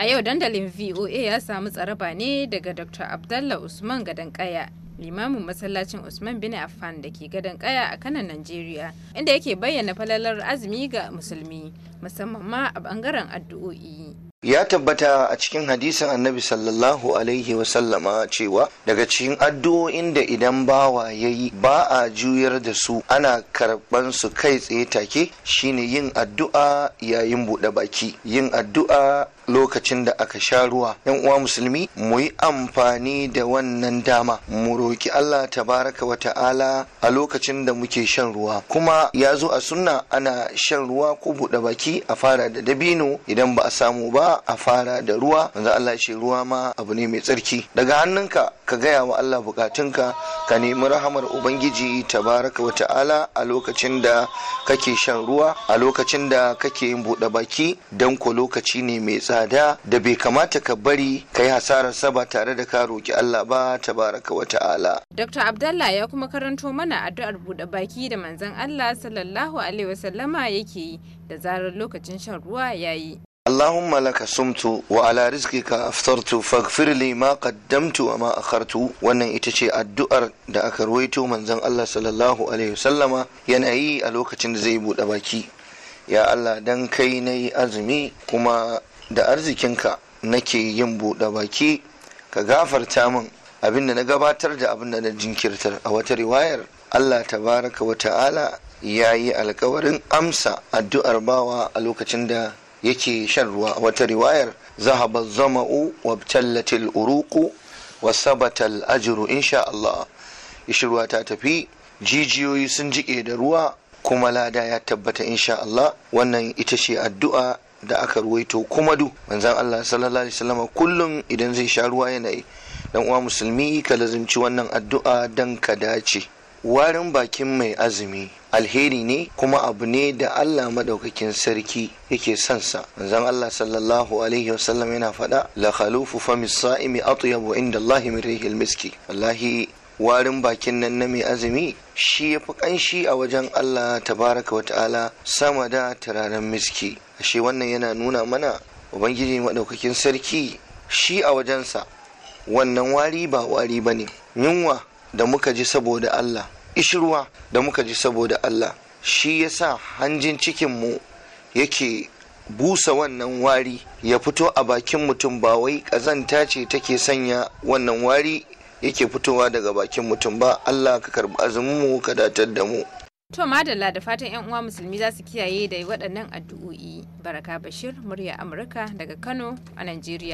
A yau dandalin VOA ya samu tsaraba ne daga Dr. Abdallah Usman kaya. limamin masallacin Usman bin Affan da ke kaya a kanan Najeriya, inda yake bayyana falalar azumi ga musulmi, musamman ma a bangaren addu'o'i. ya tabbata a cikin hadisin annabi sallallahu alaihi wasallama cewa daga cikin addu'o'in da idan bawa ya yi ba a juyar da su ana karɓan su kai tsaye take shine yin addu'a yayin buɗe baki yin addu'a lokacin da aka sha ruwa yan uwa musulmi mu yi amfani da wannan dama mu roki Allah tabaraka wa ta'ala a lokacin da muke shan ruwa kuma ya zo a sunna ana shan ruwa ko buɗe baki a fara da dabino idan ba a samu ba a fara da ruwa manzo Allah shi ruwa ma abu ne mai tsarki daga hannunka ka gaya wa Allah bukatunka ka nemi rahamar ubangiji tabaraka wa ta'ala a lokacin da kake shan ruwa a lokacin da kake yin buɗe baki dan ko lokaci ne mai tsada da bai kamata ka bari ka yi hasarar sa ba tare da ka roki Allah ba tabaraka wa ta'ala Dr. Abdallah ya kuma karanto mana addu'ar buɗe baki da manzon Allah sallallahu alaihi wasallama yake yi da zarar lokacin shan ruwa yayi اللهم لك sumtu, وعلى رزقك أفطرت فاغفر لي ما قدمت وما أخرت wannan ita ce addu'ar da aka ruwaito manzon Allah sallallahu alaihi wasallama yana a lokacin da zai buɗe baki ya Allah dan kai na yi azumi kuma da arzikinka nake yin buɗe baki ka gafarta min Abinda na gabatar da abin na jinkirtar a wata riwayar Allah tabaraka wa ta'ala ya yi alkawarin amsa addu'ar bawa a lokacin da yake shan ruwa a wata riwayar zahaba zama'u wa tallatil uruku wa sabatal ajiru, insha Allah ishirwa ta tafi jijiyoyi sun jike da ruwa kuma lada ya tabbata insha Allah wannan ita ce addu'a da aka ruwaito kuma du manzan Allah sallallahu alaihi wasallam kullum idan zai sha ruwa yana dan uwa musulmi ka lazimci wannan addu'a dan ka dace warin bakin mai azumi alheri ne kuma abu ne da Allah madaukakin sarki yake son sa manzon Allah sallallahu alaihi wasallam yana faɗa la khalufu fami sa'imi atyabu inda Allah min rihil miski wallahi warin bakin nan na mai azumi shi ya fi kanshi a wajen Allah tabaraka wa ta'ala sama da turaren miski ashe wannan yana nuna mana ubangiji madaukakin sarki shi a wajensa wannan wari ba wari bane yunwa da muka ji saboda Allah ishirwa da muka ji saboda Allah shi ya sa hanjin cikinmu yake busa wannan wari ya fito a bakin mutum ba wai ƙazanta ce take sanya wannan wari yake fitowa daga bakin mutum ba Allah ka karbi azuminmu ka datar da mu to madalla da fatan yan uwa musulmi za su kiyaye da waɗannan addu'o'i baraka bashir murya amurka daga kano a nigeria.